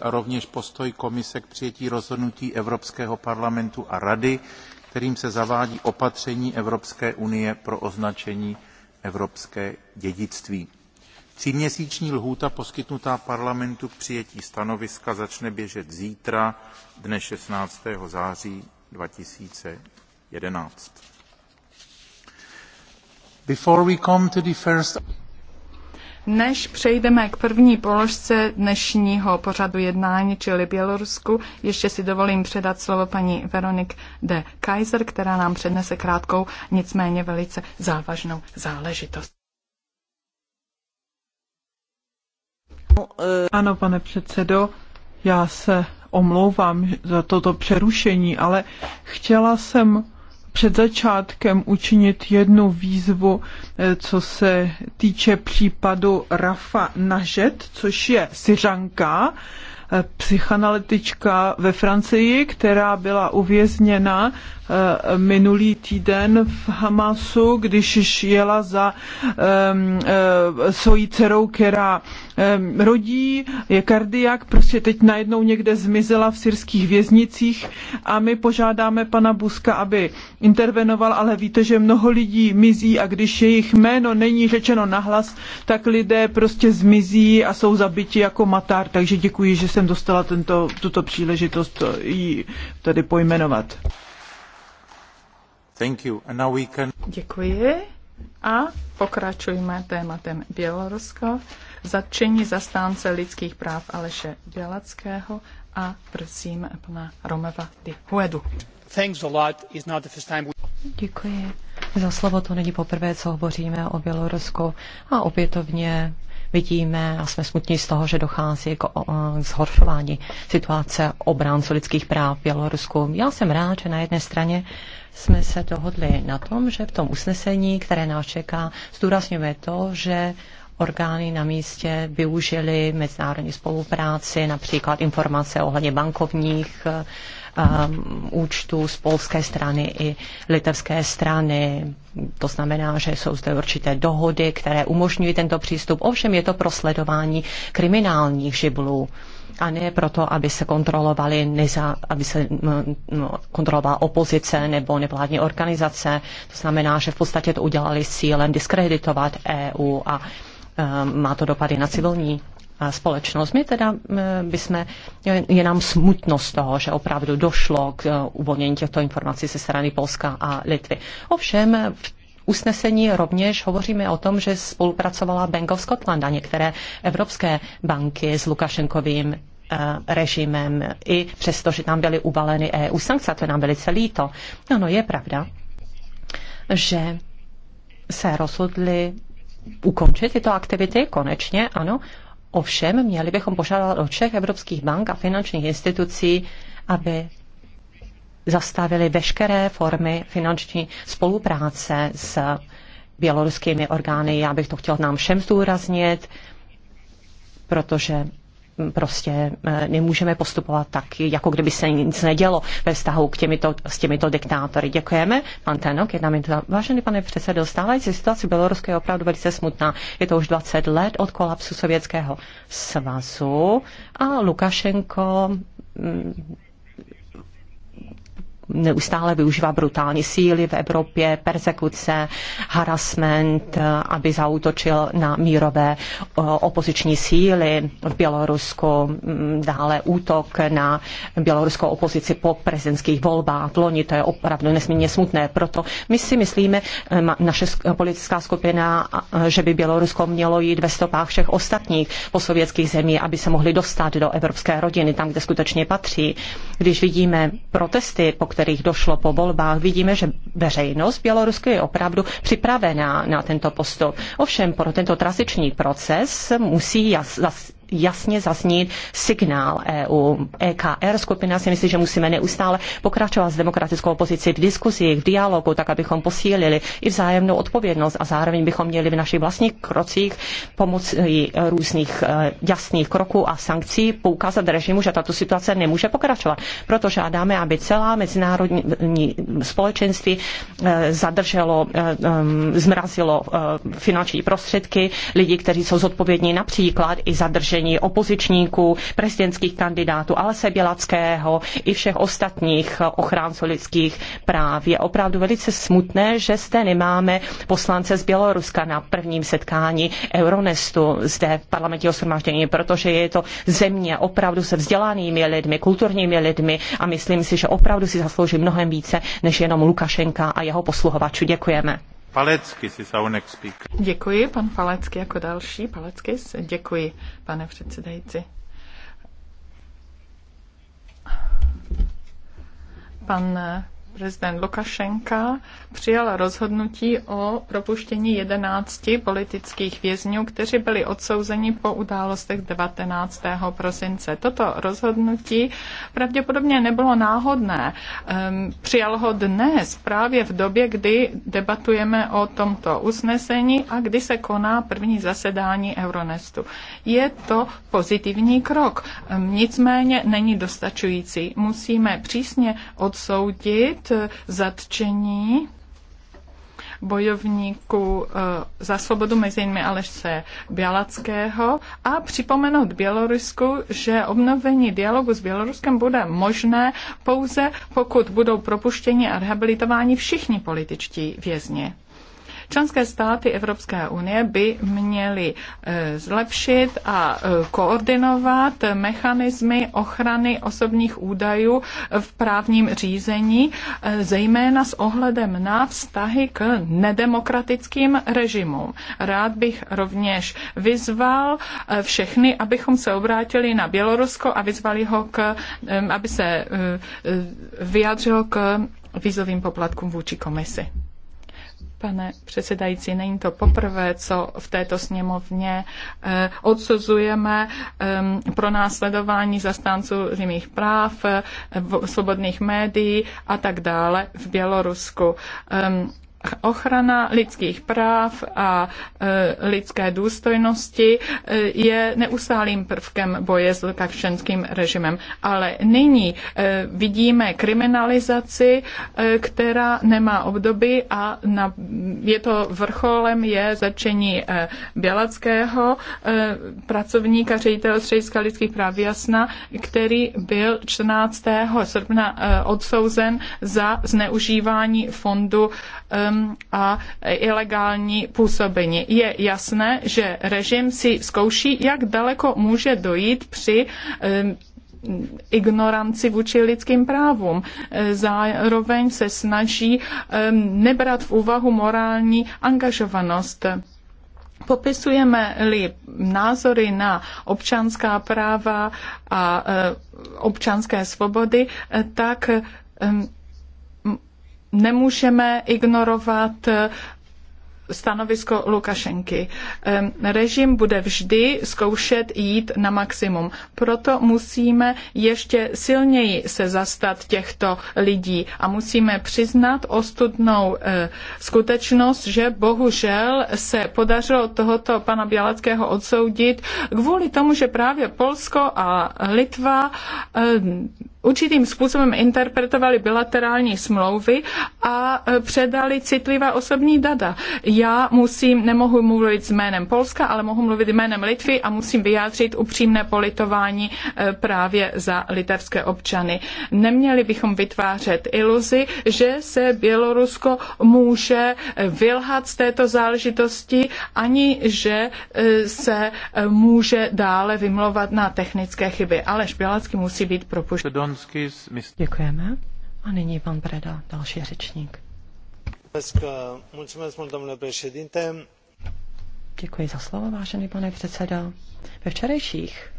a rovněž postoj komise k přijetí rozhodnutí evropského parlamentu a rady kterým se zavádí opatření evropské unie pro označení evropské dědictví. tříměsíční lhůta poskytnutá parlamentu k přijetí stanoviska začne běžet zítra dne. sixteen září. two thousand and eleven než přejdeme k první položce dnešního pořadu jednání, čili Bělorusku, ještě si dovolím předat slovo paní Veronik de Kaiser, která nám přednese krátkou, nicméně velice závažnou záležitost. Ano, pane předsedo, já se omlouvám za toto přerušení, ale chtěla jsem před začátkem učinit jednu výzvu, eh, co se týče případu Rafa Nažet, což je Syřanka, eh, psychanalytička ve Francii, která byla uvězněna Eh, minulý týden v Hamasu, když jela za eh, svojí dcerou, která rodí, je kardiak, prostě teď najednou někde zmizela v syrských věznicích a my požádáme pana Buska, aby intervenoval, ale víte, že mnoho lidí mizí a když jejich jméno není řečeno nahlas, tak lidé prostě zmizí a jsou zabiti jako matár, takže děkuji, že jsem dostala tento, tuto příležitost eh, ji tady pojmenovat. Děkuji. A pokračujeme tématem Bělorusko, zatčení zastánce lidských práv Aleše Bělackého a prosím pana Romeva de Huedu. Thanks a lot. not the first time Děkuji za slovo. To není poprvé, co hovoříme o Bělorusku a opětovně vidíme a jsme smutní z toho, že dochází k, k zhoršování situace obránců lidských práv v Bělorusku. Já jsem rád, že na jedné straně jsme se dohodli na tom, že v tom usnesení, které nás čeká, zdůrazňuje to, že orgány na místě využily mezinárodní spolupráci, například informace ohledně bankovních um, účtů z polské strany i litevské strany. To znamená, že jsou zde určité dohody, které umožňují tento přístup. Ovšem je to pro sledování kriminálních žiblů a ne proto, aby se kontrolovali, neza, aby se no, no, kontrolovala opozice nebo nevládní organizace. To znamená, že v podstatě to udělali s cílem diskreditovat EU a um, má to dopady na civilní společnost. My teda jsme, eh, eh, je nám smutno z toho, že opravdu došlo k eh, uvolnění těchto informací ze strany Polska a Litvy. Ovšem v usnesení rovněž hovoříme o tom, že spolupracovala Bank of Scotland a některé evropské banky s Lukašenkovým režimem, i přesto, že tam byly uvaleny EU sankce, to je nám velice líto. Ano, je pravda, že se rozhodli ukončit tyto aktivity, konečně, ano, Ovšem, měli bychom požádat od všech evropských bank a finančních institucí, aby zastavili veškeré formy finanční spolupráce s běloruskými orgány. Já bych to chtěl nám všem zdůraznit, protože prostě eh, nemůžeme postupovat tak, jako kdyby se nic nedělo ve vztahu k těmito, s těmito diktátory. Děkujeme. Pan Tenok, jedna minuta. Vážený pane předsedo, stávající situace v Bělorusku je opravdu velice smutná. Je to už 20 let od kolapsu Sovětského svazu a Lukašenko mm, neustále využívá brutální síly v Evropě, persekuce, harassment, aby zautočil na mírové opoziční síly v Bělorusku, mm, dále útok na běloruskou opozici po prezidentských volbách loni. To je opravdu nesmírně smutné. Proto my si myslíme, eh, naše politická skupina, eh, že by Bělorusko mělo jít ve stopách všech ostatních posovětských zemí, aby se mohli dostat do evropské rodiny, tam, kde skutečně patří. Když vidíme protesty, po kterých došlo po volbách, vidíme, že veřejnost Bělorusko je opravdu připravená na tento postup. Ovšem pro tento trasiční proces musí jas, jasně zaznít signál EU. EKR skupina si myslí, že musíme neustále pokračovat s demokratickou opozicí v diskuzi, v dialogu, tak abychom posílili i vzájemnou odpovědnost a zároveň bychom měli v našich vlastních krocích pomocí různých eh, jasných kroků a sankcí poukázat režimu, že tato situace nemůže pokračovat. Proto žádáme, aby celá mezinárodní společenství eh, zadrželo, eh, ehm, zmrazilo finanční prostředky lidí, kteří jsou zodpovědní například i zadržení vyjádření opozičníků, prezidentských kandidátů, ale Bělackého i všech ostatních ochránců lidských práv. Je opravdu velice smutné, že zde nemáme poslance z Běloruska na prvním setkání Euronestu zde v parlamentě osromaždění, protože je to země opravdu se vzdělanými lidmi, kulturními lidmi a myslím si, že opravdu si zaslouží mnohem více než jenom Lukašenka a jeho posluhovačů. Děkujeme. Palecky, si saunek speak. Děkuji, pan Palecky jako další. Palecky, děkuji, pane předsedající. Pan prezident Lukašenka přijal rozhodnutí o propuštění 11 politických vězňů, kteří byli odsouzeni po událostech 19. prosince. Toto rozhodnutí pravděpodobně nebylo náhodné. Ehm, přijal ho dnes, právě v době, kdy debatujeme o tomto usnesení a kdy se koná první zasedání Euronestu. Je to pozitivní krok, ehm, nicméně není dostačující. Musíme přísně odsoudit Eh, zatčení bojovníků eh, za svobodu mezi jinými Alešce Bělackého a připomenout Bělorusku, že obnovení dialogu s Běloruskem bude možné pouze, pokud budou propuštěni a rehabilitováni všichni političtí vězni. Členské státy Evropské unie by měly e, zlepšit a e, koordinovat mechanismy ochrany osobních údajů v právním řízení, e, zejména s ohledem na vztahy k nedemokratickým režimům. Rád bych rovněž vyzval všechny, abychom se obrátili na Bělorusko a vyzvali ho, k, aby se vyjádřil k vízovým poplatkům vůči komisi. Pane předsedající, není to poprvé, co v této sněmovně eh, odsuzujeme eh, pro následování zastánců zemích práv, eh, svobodných médií a tak dále v Bělorusku. Eh, Ochrana lidských práv a e, lidské důstojnosti e, je neustálým prvkem boje s lukašenským režimem. Ale nyní e, vidíme kriminalizaci, která nemá obdoby a je to vrcholem je začení Bělackého, pracovníka ředitel Střediska lidských práv Jasna, který byl 14. srpna odsouzen za zneužívání fondu um, a ilegální působení. Je jasné, že režim si zkouší, jak daleko může dojít při ignoranci vůči lidským právům. Zároveň se snaží nebrat v úvahu morální angažovanost popisujeme-li názory na občanská práva a občanské svobody, tak nemůžeme ignorovat eh, stanovisko Lukašenky. Režim bude vždy zkoušet jít na maximum. Proto musíme ještě silněji se zastat těchto lidí a musíme přiznat ostudnou eh, skutečnost, že bohužel se podařilo tohoto pana Bělackého odsoudit kvůli tomu, že právě Polsko a Litva určitým způsobem interpretovali bilaterální smlouvy a e, předali citlivá osobní data. Já musím, nemohu mluvit s jménem Polska, ale mohu mluvit jménem Litvy a musím vyjádřit upřímné politování e, právě za litevské občany. Neměli bychom vytvářet iluzi, že se Bělorusko může e, vylhat z této záležitosti, ani že se může dále vymlouvat na technické chyby. Aleš Bělacky musí být propuštěn. Děkujeme. A nyní pan Preda, další řečník. Děkuji za slovo, vážený pane předsedo. Ve včerejších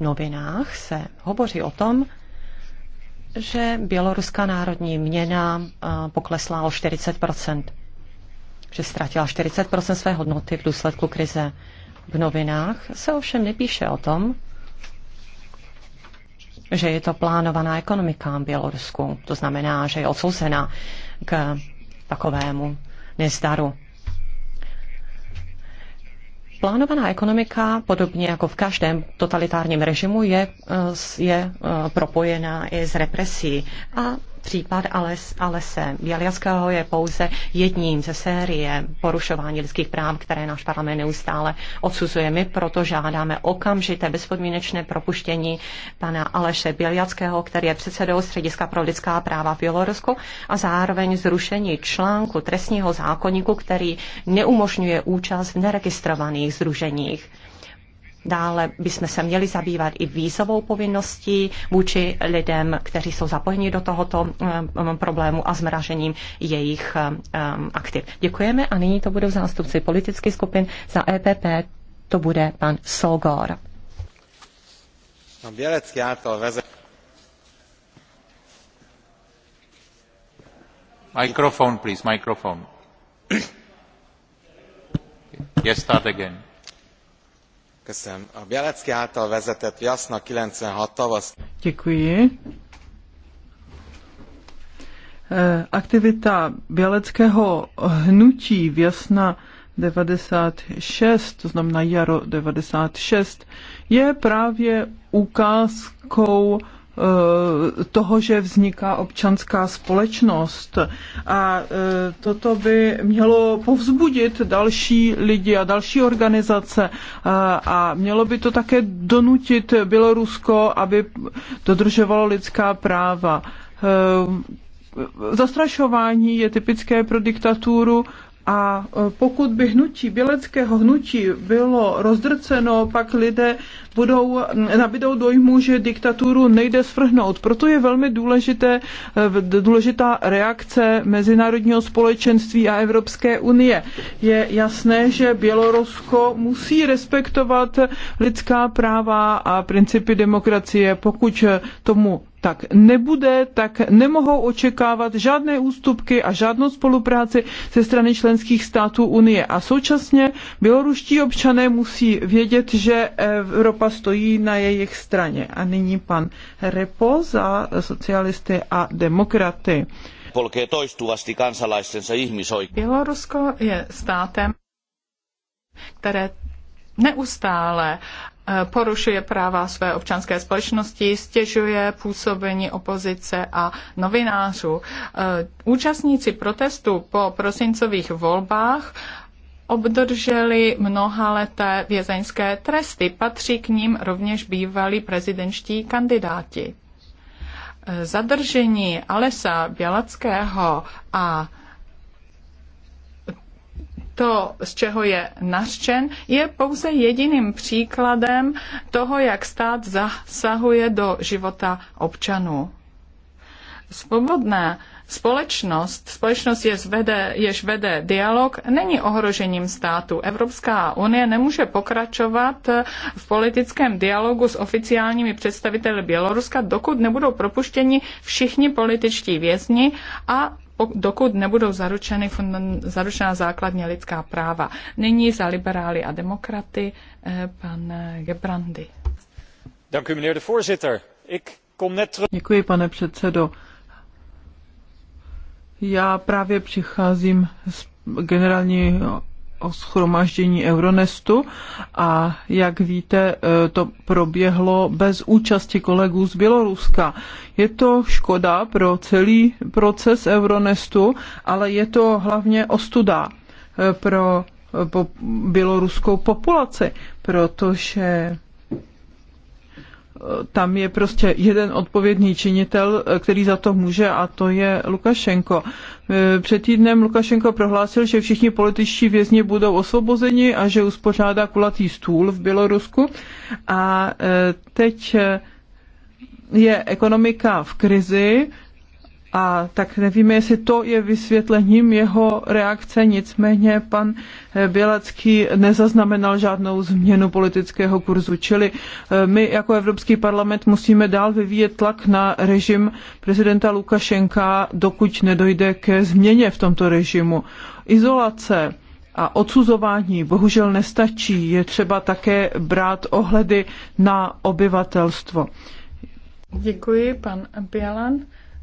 novinách se hovoří o tom, že běloruská národní měna eh, poklesla o 40 že ztratila 40 své hodnoty v důsledku krize. V novinách se ovšem nepíše o tom, že je to plánovaná ekonomika v Bělorusku. To znamená, že je odsouzena k takovému nezdaru. Plánovaná ekonomika, podobně jako v každém totalitárním režimu, je, je eh, propojená i s represí. A Případ Ales, Alese Běliackého je pouze jedním ze série porušování lidských práv, které náš parlament neustále odsuzuje. My proto žádáme okamžité bezpodmínečné propuštění pana Aleše Běliackého, který je předsedou Střediska pro lidská práva v Bělorusku a zároveň zrušení článku trestního zákonníku, který neumožňuje účast v neregistrovaných združeních. Dále bychom se měli zabývat i výzovou povinností vůči lidem, kteří jsou zapojeni do tohoto eh, problému a zmražením jejich eh, aktiv. Děkujeme a nyní to budou zástupci politických skupin za EPP, to bude pan Sogor. Mikrofon, Microphone, please, microphone. yes, start again a Bělecký által vezetett Jasna 96 tavasz... Děkuji. Eh, aktivita běleckého hnutí v Jasna 96, to znamená jaro 96, je právě ukázkou Eh, toho, že vzniká občanská společnost. A eh, toto by mělo povzbudit další lidi a další organizace eh, a mělo by to také donutit Bělorusko, aby dodržovalo lidská práva zastrašování je typické pro diktaturu a e, pokud by hnutí, běleckého hnutí bylo rozdrceno, pak lidé budou, nabidou dojmu, že diktaturu nejde svrhnout. Proto je velmi důležité, e, důležitá reakce mezinárodního společenství a Evropské unie. Je jasné, že Bělorusko musí respektovat lidská práva a principy demokracie. Pokud e, tomu tak nebude, tak nemohou očekávat žádné ústupky a žádnou spolupráci ze strany členských států Unie. A současně běloruští občané musí vědět, že Evropa stojí na jejich straně. A nyní pan Repo za socialisty a demokraty. Bělorusko je státem, které neustále Eh, porušuje práva své občanské společnosti, stěžuje působení opozice a novinářů. Eh, účastníci protestu po prosincových volbách obdrželi mnohaleté vězeňské tresty. Patří k ním rovněž bývalí prezidenčtí kandidáti. Eh, zadržení Alesa Bělackého a to, z čeho je nařčen, je pouze jediným příkladem toho, jak stát zasahuje do života občanů. Svobodná Společnost, společnost jež vede, jež vede dialog, není ohrožením státu. Evropská unie nemůže pokračovat v politickém dialogu s oficiálními představiteli Běloruska, dokud nebudou propuštěni všichni političtí vězni a dokud nebudou zaručeny, zaručena základně lidská práva. Nyní za liberály a demokraty eh, pan Gebrandy. Děkuji, pane předsedo. Já právě přicházím z generálního o schromáždění Euronestu a jak víte, e, to proběhlo bez účasti kolegů z Běloruska. Je to škoda pro celý proces Euronestu, ale je to hlavně ostuda e, pro e, běloruskou populaci, protože tam je prostě jeden odpovědný činitel, eh, který za to může a to je Lukašenko. Eh, před týdnem Lukašenko prohlásil, že všichni političtí vězni budou osvobozeni a že uspořádá kulatý stůl v Bělorusku. A eh, teď je ekonomika v krizi, a tak nevíme, jestli to je vysvětlením jeho reakce, nicméně pan Bělacký nezaznamenal žádnou změnu politického kurzu, čili e, my jako Evropský parlament musíme dál vyvíjet tlak na režim prezidenta Lukašenka, dokud nedojde ke změně v tomto režimu. Izolace a odsuzování bohužel nestačí, je třeba také brát ohledy na obyvatelstvo. Děkuji, pan Bělan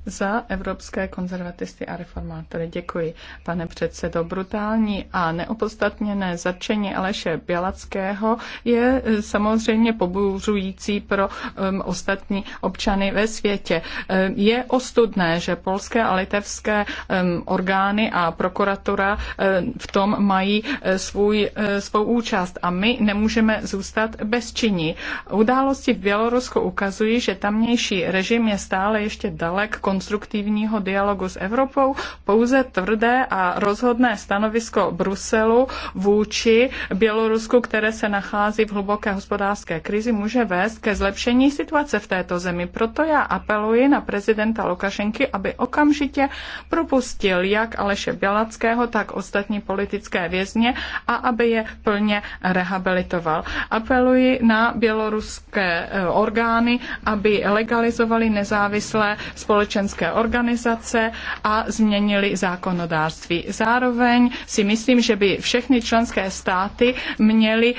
za evropské konzervatisty a reformátory. Děkuji, pane předsedo. Brutální a neopodstatněné zatčení Aleše Bělackého je eh, samozřejmě pobouřující pro um, ostatní občany ve světě. Um, je ostudné, že polské a litevské um, orgány a prokuratura um, v tom mají uh, svůj, uh, svou účast a my nemůžeme zůstat bezčinní. Události v Bělorusku ukazují, že tamnější režim je stále ještě dalek kon konstruktivního dialogu s Evropou, pouze tvrdé a rozhodné stanovisko Bruselu vůči Bělorusku, které se nachází v hluboké hospodářské krizi, může vést ke zlepšení situace v této zemi. Proto já apeluji na prezidenta Lukašenky, aby okamžitě propustil jak Aleše Bělackého, tak ostatní politické vězně a aby je plně rehabilitoval. Apeluji na běloruské eh, orgány, aby legalizovali nezávislé společenství společenské organizace a změnili zákonodárství. Zároveň si myslím, že by všechny členské státy měly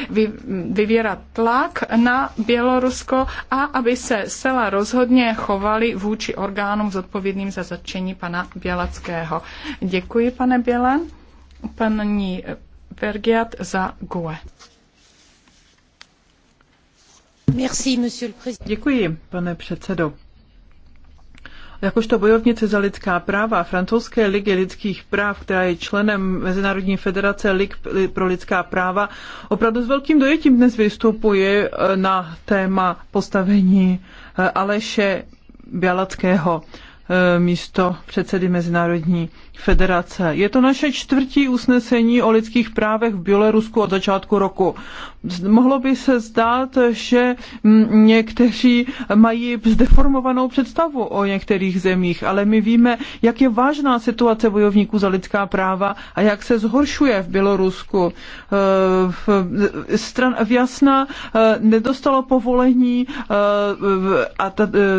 vyvírat tlak na Bělorusko a aby se zcela rozhodně chovali vůči orgánům zodpovědným za zatčení pana Bělackého. Děkuji, pane Bělen. Paní Vergiat za GUE. Děkuji, pane předsedo jakožto bojovnice za lidská práva Francouzské ligy lidských práv, která je členem Mezinárodní federace Lig pro lidská práva, opravdu s velkým dojetím dnes vystupuje e, na téma postavení e, Aleše Bělackého. Eh, místo předsedy Mezinárodní federace. Je to naše čtvrtí usnesení o lidských právech v Bělorusku od začátku roku. Mohlo by se zdát, že někteří mají zdeformovanou představu o některých zemích, ale my víme, jak je vážná situace bojovníků za lidská práva a jak se zhoršuje v Bělorusku. Eh, stran Vjasna eh, nedostalo povolení a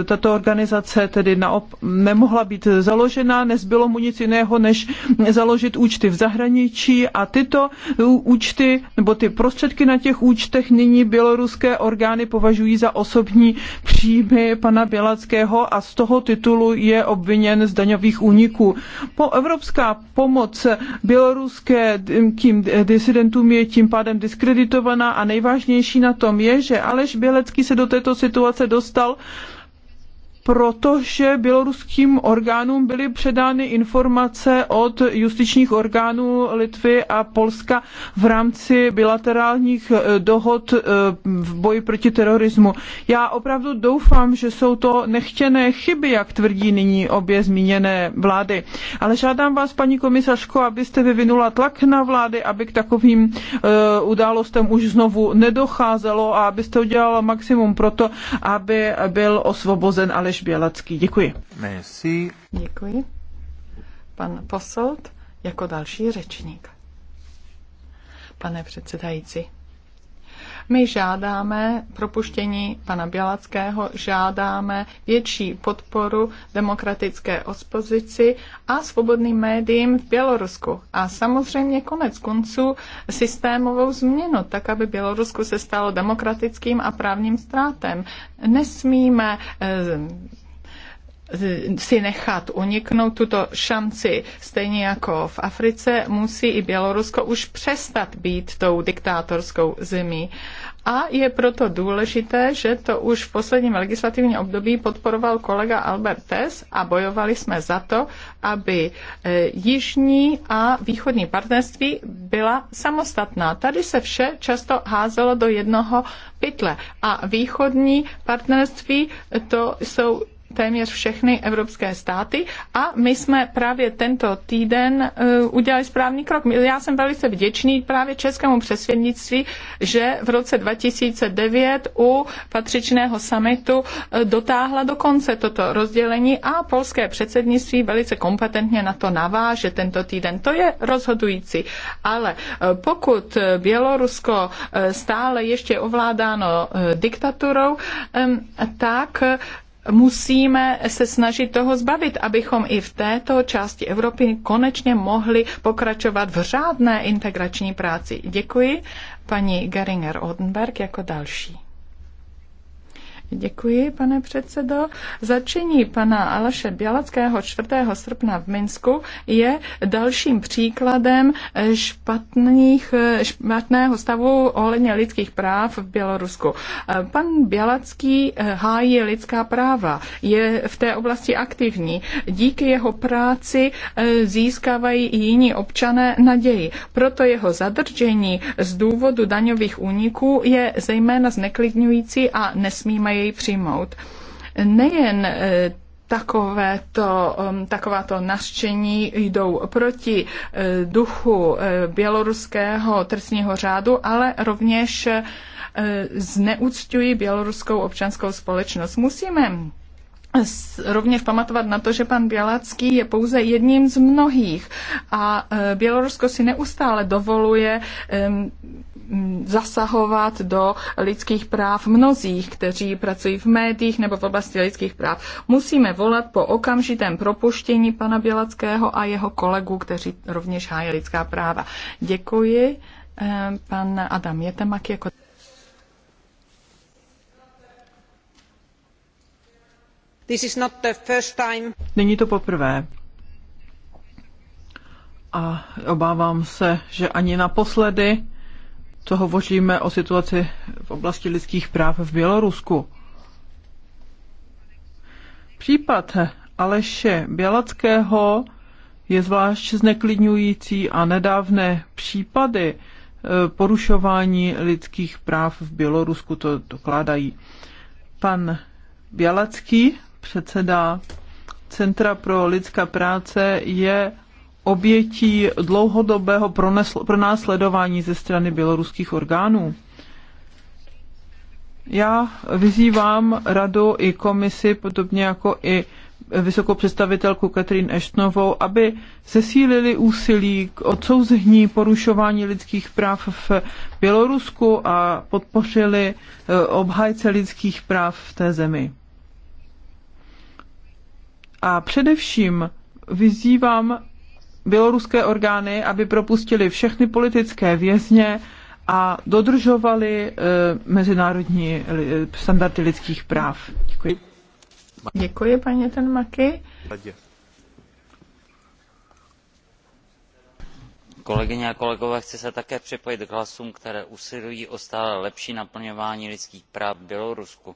tato organizace tedy naopak nemohla být založena, nezbylo mu nic jiného, než založit účty v zahraničí a tyto účty nebo ty prostředky na těch účtech nyní běloruské orgány považují za osobní příjmy pana Bělackého a z toho titulu je obviněn z daňových úniků. Po evropská pomoc běloruským disidentům je tím pádem diskreditovaná a nejvážnější na tom je, že Aleš Bělecký se do této situace dostal protože běloruským orgánům byly předány informace od justičních orgánů Litvy a Polska v rámci bilaterálních eh, dohod eh, v boji proti terorismu. Já opravdu doufám, že jsou to nechtěné chyby, jak tvrdí nyní obě zmíněné vlády. Ale žádám vás, paní komisařko, abyste vyvinula tlak na vlády, aby k takovým eh, událostem už znovu nedocházelo a abyste udělala maximum pro to, aby byl osvobozen Aleš komisař Bělacký. Děkuji. Merci. Děkuji. Pan Posolt jako další řečník. Pane předsedající, my žádáme propuštění pana Bělackého, žádáme větší podporu demokratické ospozici a svobodným médiím v Bělorusku. A samozřejmě konec konců systémovou změnu, tak aby Bělorusko se stalo demokratickým a právním státem. Nesmíme eh, Eh, si nechat uniknout tuto šanci. Stejně jako v Africe musí i Bělorusko už přestat být tou diktátorskou zemí. A je proto důležité, že to už v posledním legislativním období podporoval kolega Albertes a bojovali jsme za to, aby eh, jižní a východní partnerství byla samostatná. Tady se vše často házelo do jednoho pytle a východní partnerství to jsou téměř všechny evropské státy a my jsme právě tento týden eh, udělali správný krok. Já jsem velice vděčný právě českému přesvědnictví, že v roce 2009 u patřičného summitu eh, dotáhla do konce toto rozdělení a polské předsednictví velice kompetentně na to naváže tento týden. To je rozhodující, ale eh, pokud Bělorusko stále ještě ovládáno diktaturou, tak musíme se snažit toho zbavit, abychom i v této části Evropy konečně mohli pokračovat v řádné integrační práci. Děkuji paní Geringer Odenberg jako další. Děkuji, pane předsedo. Začení pana Aleše Bělackého 4. srpna v Minsku je dalším příkladem špatných, špatného stavu ohledně lidských práv v Bělorusku. Pan Bělacký eh, hájí lidská práva, je v té oblasti aktivní. Díky jeho práci eh, získávají i jiní občané naději. Proto jeho zadržení z důvodu daňových úniků je zejména zneklidňující a nesmíme jej přijmout. Nejen e, taková um, takováto naštění jdou proti e, duchu e, běloruského trestního řádu, ale rovněž zneuctují běloruskou občanskou společnost. Musíme rovněž pamatovat na to, že pan Bělacký je pouze jedním z mnohých a Bělorusko si neustále dovoluje Mm, zasahovat do lidských práv mnozích, kteří pracují v médiích nebo v oblasti lidských práv. Musíme volat po okamžitém propuštění pana Bělackého a jeho kolegů, kteří rovněž hájí lidská práva. Děkuji. Eh, pan Adam Jetemak jako This is not the first time. Není to poprvé. A obávám se, že ani naposledy co hovoříme o situaci v oblasti lidských práv v Bělorusku. Případ Aleše Bělackého je zvlášť zneklidňující a nedávné případy e, porušování lidských práv v Bělorusku to dokládají. Pan Bělacký, předseda Centra pro lidská práce, je obětí dlouhodobého pronásledování ze strany běloruských orgánů. Já vyzývám radu i komisi, podobně jako i vysokou představitelku Katrin Eštnovou, aby zesílili úsilí k odsouzení porušování lidských práv v Bělorusku a podpořili eh, obhájce lidských práv v té zemi. A především vyzývám běloruské orgány, aby propustili všechny politické vězně a dodržovali eh, mezinárodní eh, standardy lidských práv. Děkuji. Děkuji, paní Tenmaky. kolegyně a kolegové chci se také připojit k hlasům které usilují o stále lepší naplňování lidských práv v bělorusku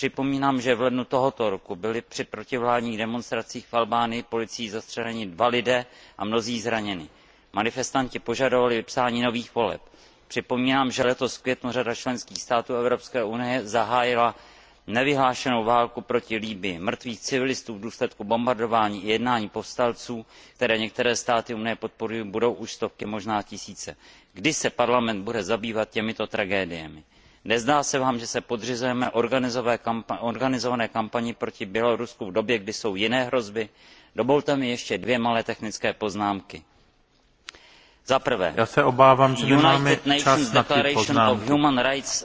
připomínám že v lednu tohoto roku byli při protivládních demonstracích v albánii policií zastřeleni dva lidé a mnozí zraněni. manifestanti požadovali vypsání nových voleb. připomínám že letos v květnu řada členských států evropské unie zahájila nevyhlášenou válku proti libyi. mrtví civilistů v důsledku bombardování i jednání povstalců které některé státy unie podporují budou už stovky možná tisíce. kdy se parlament bude zabývat těmito tragédiemi? nezdá se vám že se podřizujeme organizované kampani proti bělorusku v době kdy jsou jiné hrozby? dovolte mi ještě dvě malé technické poznámky. za prvé united nations declaration of human rights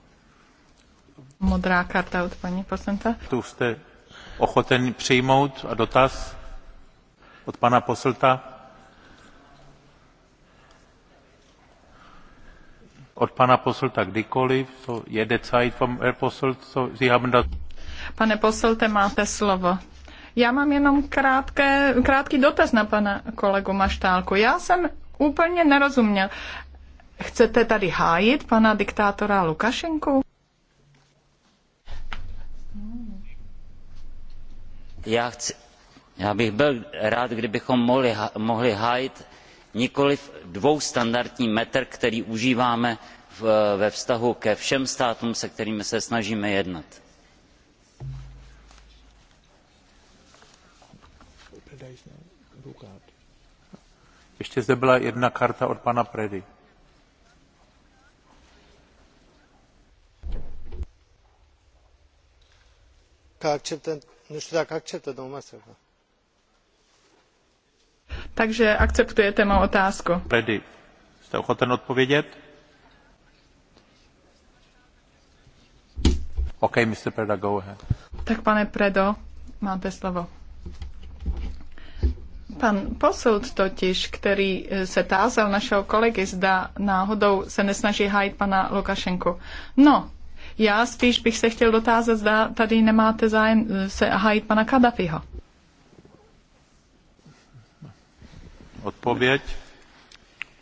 Modrá karta od paní poslance. Tu jste ochoten přijmout a dotaz od pana poslta? Od pana poslta kdykoliv, so jede Zeit vom Posselt, so Sie haben das... Pane poslte, máte slovo. Já mám jenom krátké, krátký dotaz na pana kolegu Maštálku. Já jsem úplně nerozuměl. Chcete tady hájit pana diktátora Lukašenku? já, bych byl rád kdybychom mohli, hájit nikoliv dvoustandardní metr který užíváme v, ve vztahu ke všem státům se kterými se snažíme jednat. zde byla jedna karta od predy. Nu știu dacă acceptă domnul Masterfeld. Takže akceptujete mou otázku. Predy, jste ochoten odpovědět? OK, Mr. Preda, go ahead. Tak pane Predo, máte slovo. Pan Posoud totiž, který e, se tázal našeho kolegy, zda náhodou se nesnaží hájit pana Lukašenku. No, já spíš bych se chtěl dotázat, zda tady nemáte zájem eh, se hájit pana Kadafiho. Odpověď?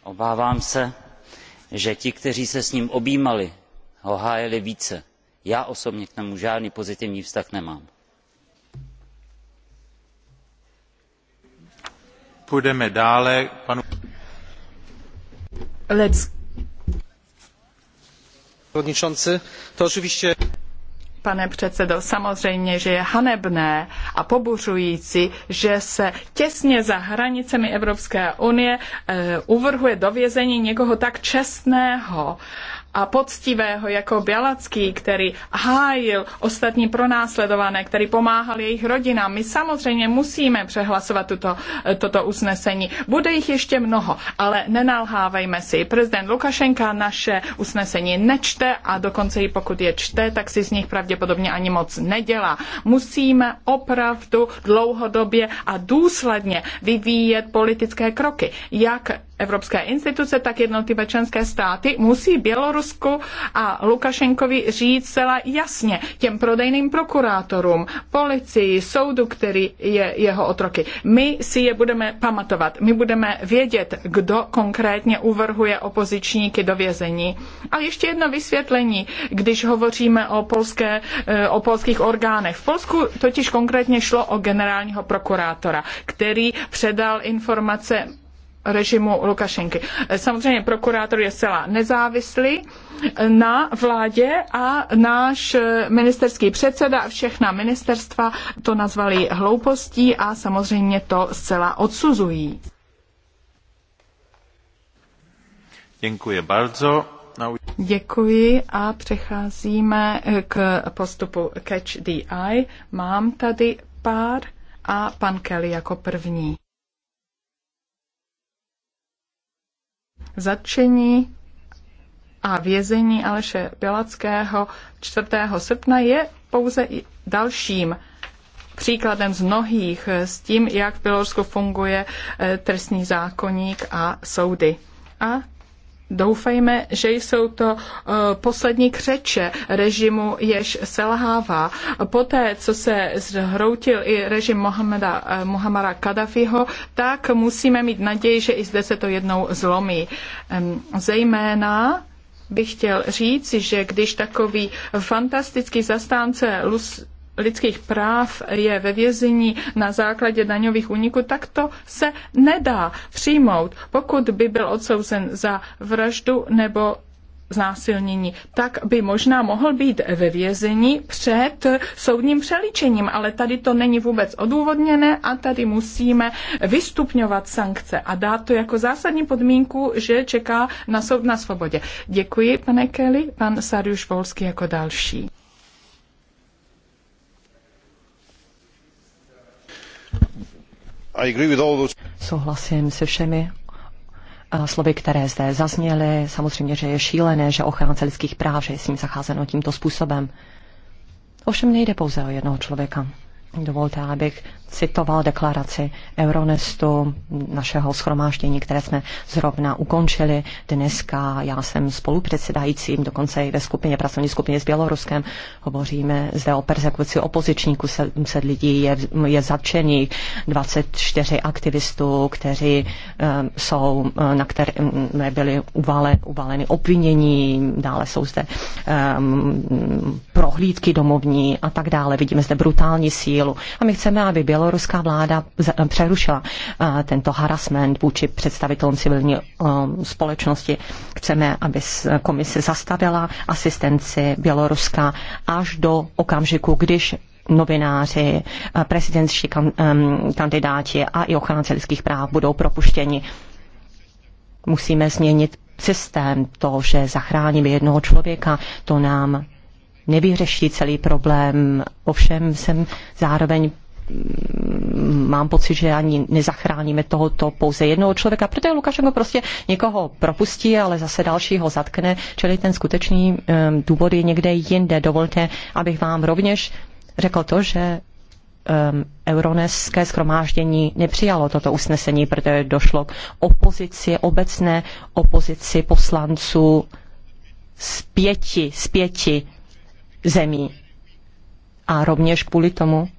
Obávám se, že ti, kteří se s ním objímali, ho hájili více. Já osobně k němu žádný pozitivní vztah nemám. Půjdeme dále. Panu... Let's Pane předsedo, samozřejmě, že je hanebné a pobuřující, že se těsně za hranicemi Evropské unie eh, uvrhuje do vězení někoho tak čestného. E, a poctivého jako Bělacký, který hájil ostatní pronásledované, který pomáhal jejich rodinám. My samozřejmě musíme přehlasovat tuto, toto usnesení. Bude jich ještě mnoho, ale nenalhávejme si. Prezident Lukašenka naše usnesení nečte a dokonce i pokud je čte, tak si z nich pravděpodobně ani moc nedělá. Musíme opravdu dlouhodobě a důsledně vyvíjet politické kroky, jak evropské instituce, tak jednotlivé členské státy musí Bělorusku a Lukašenkovi říct celá jasně těm prodejným prokurátorům, policii, soudu, který je jeho otroky. My si je budeme pamatovat, my budeme vědět, kdo konkrétně uvrhuje opozičníky do vězení. A ještě jedno vysvětlení, když hovoříme o, polské, eh, o polských orgánech. V Polsku totiž konkrétně šlo o generálního prokurátora, který předal informace režimu Lukašenky. Samozřejmě prokurátor je zcela nezávislý na vládě a náš ministerský předseda a všechna ministerstva to nazvali hloupostí a samozřejmě to zcela odsuzují. Děkuji bardzo. Děkuji a přecházíme k postupu Catch the Eye. Mám tady pár a pan Kelly jako první. Zatčení a vězení Aleše Bělackého 4. srpna je pouze i dalším příkladem z mnohých s tím, jak v Bělorusku funguje eh, trestní zákoník a soudy. A Doufejme, že jsou to eh, poslední křeče režimu, jež selhává. Poté, co se zhroutil i režim Mohameda, eh, Muhammara Kadafiho, tak musíme mít naději, že i zde se to jednou zlomí. Zejména bych chtěl říct, že když takový fantastický zastánce lidských práv je ve vězení na základě daňových úniků, tak to se nedá přijmout, pokud by byl odsouzen za vraždu nebo znásilnění, tak by možná mohl být ve vězení před soudním přelíčením, ale tady to není vůbec odůvodněné a tady musíme vystupňovat sankce a dát to jako zásadní podmínku, že čeká na soud na svobodě. Děkuji, pane Kelly, pan Sariuš Volský jako další. Souhlasím se všemi eh, slovy, které zde zazněly. Samozřejmě, že je šílené, že ochránce lidských práv, že je s ním zacházeno tímto způsobem. Ovšem nejde pouze o jednoho člověka. Dovolte, abych citoval deklaraci Euronestu, našeho schromáždění, které jsme zrovna ukončili dneska. Já jsem spolupředsedajícím, dokonce i ve skupině, pracovní skupině s Běloruskem. Hovoříme zde o persekuci opozičníků, 700 lidí je, je zatčených, 24 aktivistů, kteří um, jsou, eh, na které mm, byly uvale, uvaleny obvinění, dále jsou zde um, prohlídky domovní a tak dále. Vidíme zde brutální sílu. A my chceme, aby byl běloruská vláda přerušila tento harassment vůči představitelům civilní společnosti. Chceme, aby komise zastavila asistenci Běloruska až do okamžiku, když novináři, prezidentští kandidáti a i ochránci lidských práv budou propuštěni. Musíme změnit systém, to, že zachráníme jednoho člověka, to nám nevyřeší celý problém. Ovšem jsem zároveň mám pocit, že ani nezachráníme tohoto pouze jednoho člověka, protože Lukašenko prostě někoho propustí, ale zase dalšího zatkne, čili ten skutečný důvod je někde jinde. Dovolte, abych vám rovněž řekl to, že um, Euroneské schromáždění nepřijalo toto usnesení, protože došlo k opozici, obecné opozici poslanců z pěti, z pěti zemí. A rovněž kvůli tomu,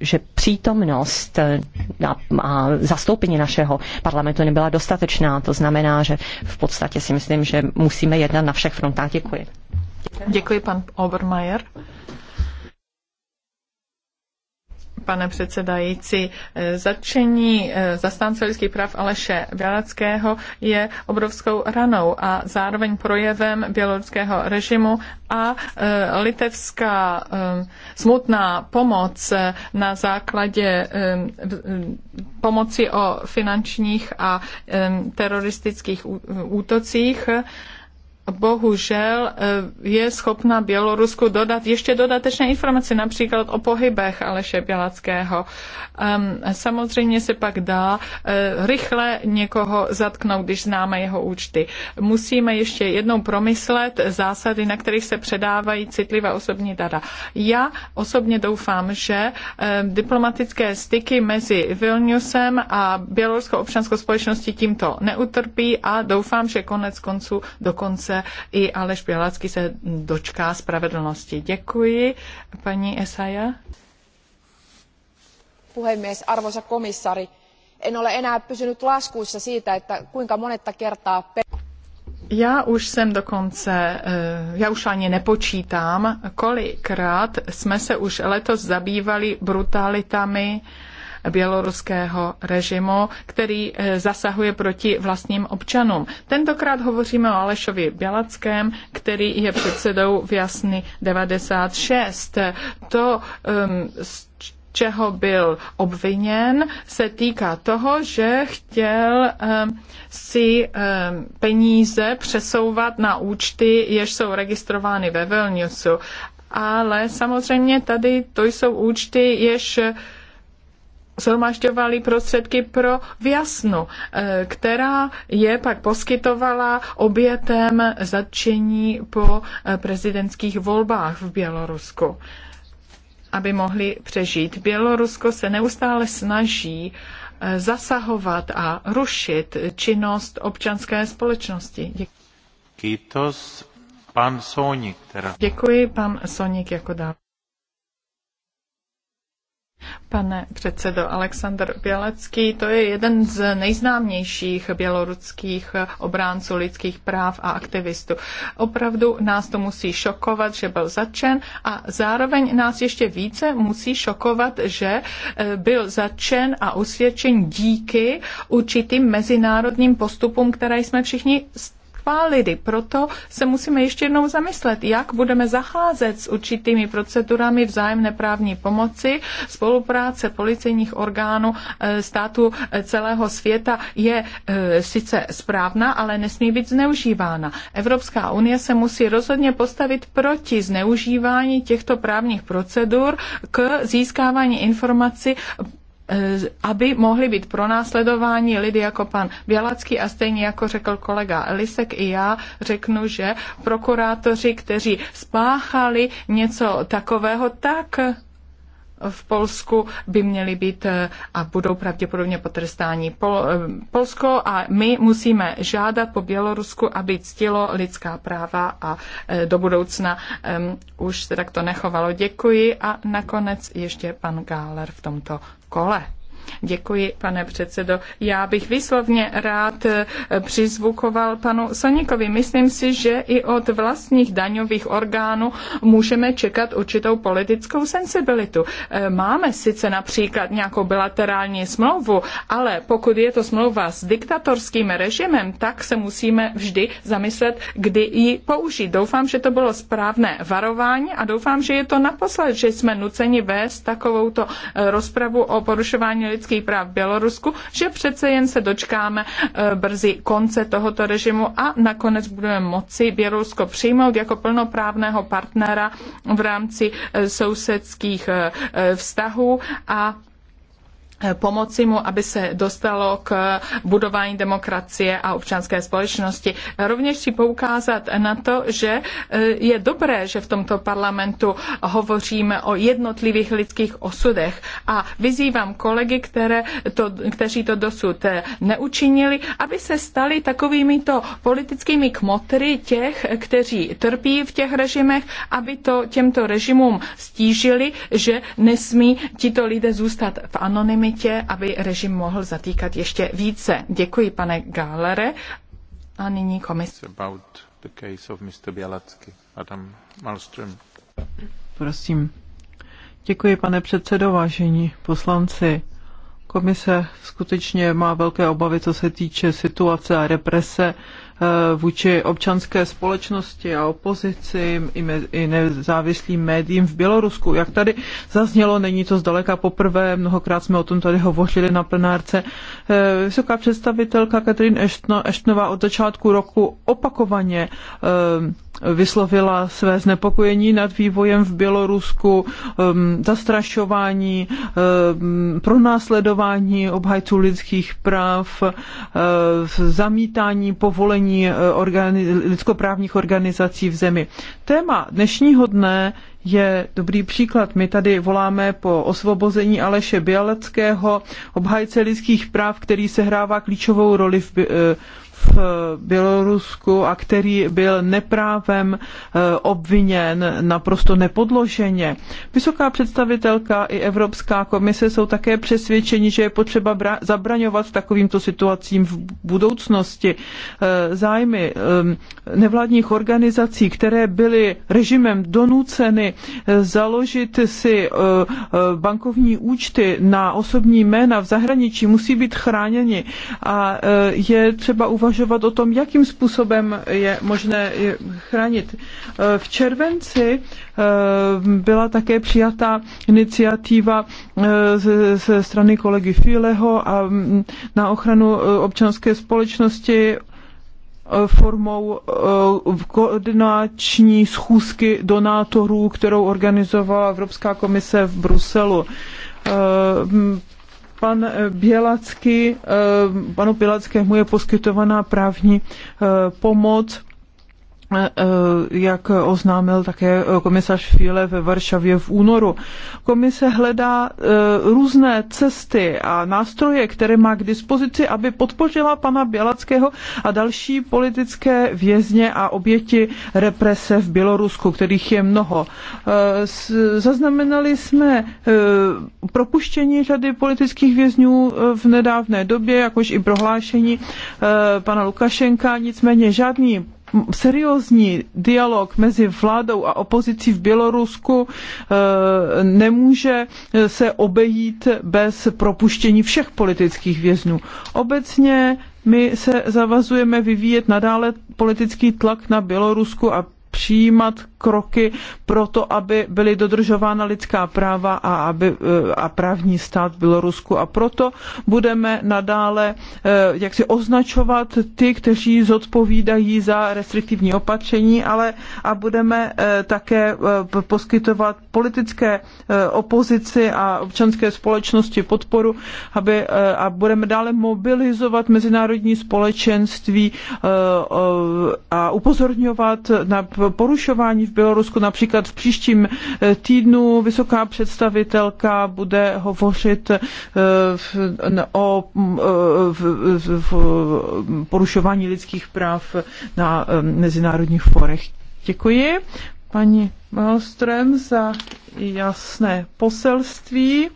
že přítomnost eh, a, a zastoupení našeho parlamentu nebyla dostatečná. To znamená, že v podstatě si myslím, že musíme jednat na všech frontách. Děkuji. Děkuji, pan Obermeier. pane předsedající. E, zatčení e, zastánce lidských práv Aleše Bělackého je obrovskou ranou a zároveň projevem běloruského režimu a e, litevská smutná pomoc na základě pomoci o finančních a teroristických útocích bohužel eh, je schopna Bělorusku dodat ještě dodatečné informace, například o pohybech Aleše Bělackého. Ehm, samozřejmě se pak dá eh, rychle někoho zatknout, když známe jeho účty. Musíme ještě jednou promyslet zásady, na kterých se předávají citlivá osobní data. Já osobně doufám, že ehm, diplomatické styky mezi Vilniusem a Běloruskou občanskou společností tímto neutrpí a doufám, že konec konců dokonce se i Aleš Bělacký se dočká spravedlnosti. Děkuji, paní Esaja. Puhemies, arvoisa komisari, en ole enää pysynyt laskuissa siitä, että kuinka monetta kertaa... Já už jsem dokonce, eh, já už ani nepočítám, kolikrát jsme se už letos zabývali brutalitami běloruského režimu, který eh, zasahuje proti vlastním občanům. Tentokrát hovoříme o Alešovi Bělackém, který je předsedou v Jasny 96. To um, čeho byl obviněn, se týká toho, že chtěl um, si um, peníze přesouvat na účty, jež jsou registrovány ve Vilniusu. Ale samozřejmě tady to jsou účty, jež shromažďovali prostředky pro Vjasnu, eh, která je pak poskytovala obětem zatčení po eh, prezidentských volbách v Bělorusku aby mohli přežít. Bělorusko se neustále snaží eh, zasahovat a rušit činnost občanské společnosti. Děkuji. Kytos, pan Sonik, teda. Děkuji, pan Sonik, jako dál. Pane předsedo Aleksandr Bělecký, to je jeden z nejznámějších běloruských obránců lidských práv a aktivistů. Opravdu nás to musí šokovat, že byl začen a zároveň nás ještě více musí šokovat, že eh, byl začen a usvědčen díky určitým mezinárodním postupům, které jsme všichni schválili. Proto se musíme ještě jednou zamyslet, jak budeme zacházet s určitými procedurami vzájemné právní pomoci. Spolupráce policejních orgánů eh, státu eh, celého světa je eh, sice správná, ale nesmí být zneužívána. Evropská unie se musí rozhodně postavit proti zneužívání těchto právních procedur k získávání informací Eh, aby mohli být pronásledováni lidi jako pan Bělacký a stejně jako řekl kolega Lisek i já řeknu, že prokurátoři, kteří spáchali něco takového, tak v Polsku by měli být eh, a budou pravděpodobně potrestáni. Pol, eh, Polsko a my musíme žádat po Bělorusku, aby ctilo lidská práva a do budoucna um, už se takto nechovalo. Děkuji a nakonec ještě pan Gáler v tomto kole. Děkuji, pane předsedo. Já bych výslovně rád eh, přizvukoval panu Sonikovi. Myslím si, že i od vlastních daňových orgánů můžeme čekat určitou politickou sensibilitu. Eh, máme sice například nějakou bilaterální smlouvu, ale pokud je to smlouva s diktatorským režimem, tak se musíme vždy zamyslet, kdy ji použít. Doufám, že to bylo správné varování a doufám, že je to naposled, že jsme nuceni vést takovouto eh, rozpravu o porušování lidských práv v Bělorusku, že přece jen se dočkáme eh, brzy konce tohoto režimu a nakonec budeme moci Bělorusko přijmout jako plnoprávného partnera v rámci eh, sousedských eh, vztahů a Eh, pomoci mu, aby se dostalo k budování demokracie a občanské společnosti. Rovněž si poukázat na to, že eh, je dobré, že v tomto parlamentu hovoříme o jednotlivých lidských osudech a vyzývám kolegy, které to, kteří to dosud eh, neučinili, aby se stali takovými to politickými kmotry těch, kteří trpí v těch režimech, aby to těmto režimům stížili, že nesmí tito lidé zůstat v anonymní summitě, aby režim mohl zatýkat ještě více. Děkuji, pane Gálere. A nyní komise. Prosím. Děkuji, pane předsedo, vážení poslanci. Komise skutečně má velké obavy, co se týče situace a represe Eh, vůči občanské společnosti a opozici i, me, i nezávislým médiím v Bělorusku. Jak tady zaznělo, není to zdaleka poprvé, mnohokrát jsme o tom tady hovořili na plenárce. Eh, vysoká představitelka Katrin Eštnová od začátku roku opakovaně eh, vyslovila své znepokojení nad vývojem v Bělorusku, um, zastrašování, um, pronásledování obhajců lidských práv, uh, zamítání povolení uh, organi- lidskoprávních organizací v zemi. Téma dnešního dne je dobrý příklad. My tady voláme po osvobození Aleše Bialeckého, obhajce lidských práv, který sehrává klíčovou roli v, v Bělorusku a který byl neprávem eh, obviněn naprosto nepodloženě. Vysoká představitelka i Evropská komise jsou také přesvědčeni, že je potřeba zabraňovat takovýmto situacím v budoucnosti. Eh, zájmy eh, nevládních organizací, které byly režimem donuceny založit si bankovní účty na osobní jména v zahraničí, musí být chráněni a je třeba uvažovat uvažovat o tom, jakým způsobem je možné je chránit. Eh, v červenci eh, byla také přijata iniciativa eh, ze strany kolegy Fileho a mm, na ochranu občanské společnosti formou koordinační schůzky donátorů, kterou organizovala Evropská komise v Bruselu pan eh, Bělacky, eh, panu Bělackému je poskytovaná právní eh, pomoc Eh, eh, jak oznámil také eh, komisař Fiele ve Varšavě v únoru. Komise hledá různé cesty a nástroje, které má k dispozici, aby podpořila pana Bělackého a další politické vězně a oběti represe v Bělorusku, kterých je mnoho. Zaznamenali jsme propuštění řady politických vězňů v nedávné době, jakož i prohlášení pana Lukašenka, nicméně žádný seriózní dialog mezi vládou a opozicí v Bělorusku e, nemůže e, se obejít bez propuštění všech politických vězňů. Obecně my se zavazujeme vyvíjet nadále politický tlak na Bělorusku a přijímat kroky pro to, aby byly dodržována lidská práva a, aby, eh, a právní stát v Bělorusku. A proto budeme nadále eh, jak si označovat ty, kteří zodpovídají za restriktivní opatření, ale a budeme eh, také poskytovat politické opozici a občanské společnosti podporu aby, a budeme dále mobilizovat mezinárodní společenství a upozorňovat na porušování v Bělorusku. Například v příštím eh, týdnu vysoká představitelka bude hovořit eh, o eh, porušování lidských práv na mezinárodních forech. Děkuji paní Malström za jasné poselství.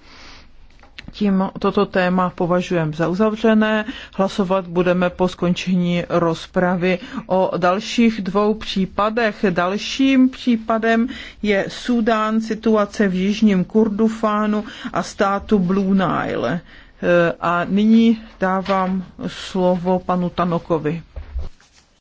Tím toto téma považujeme za uzavřené. Hlasovat budeme po skončení rozpravy o dalších dvou případech. Dalším případem je Sudán, situace v jižním Kurdufánu a státu Blue Nile. E, a nyní dávám slovo panu Tanokovi.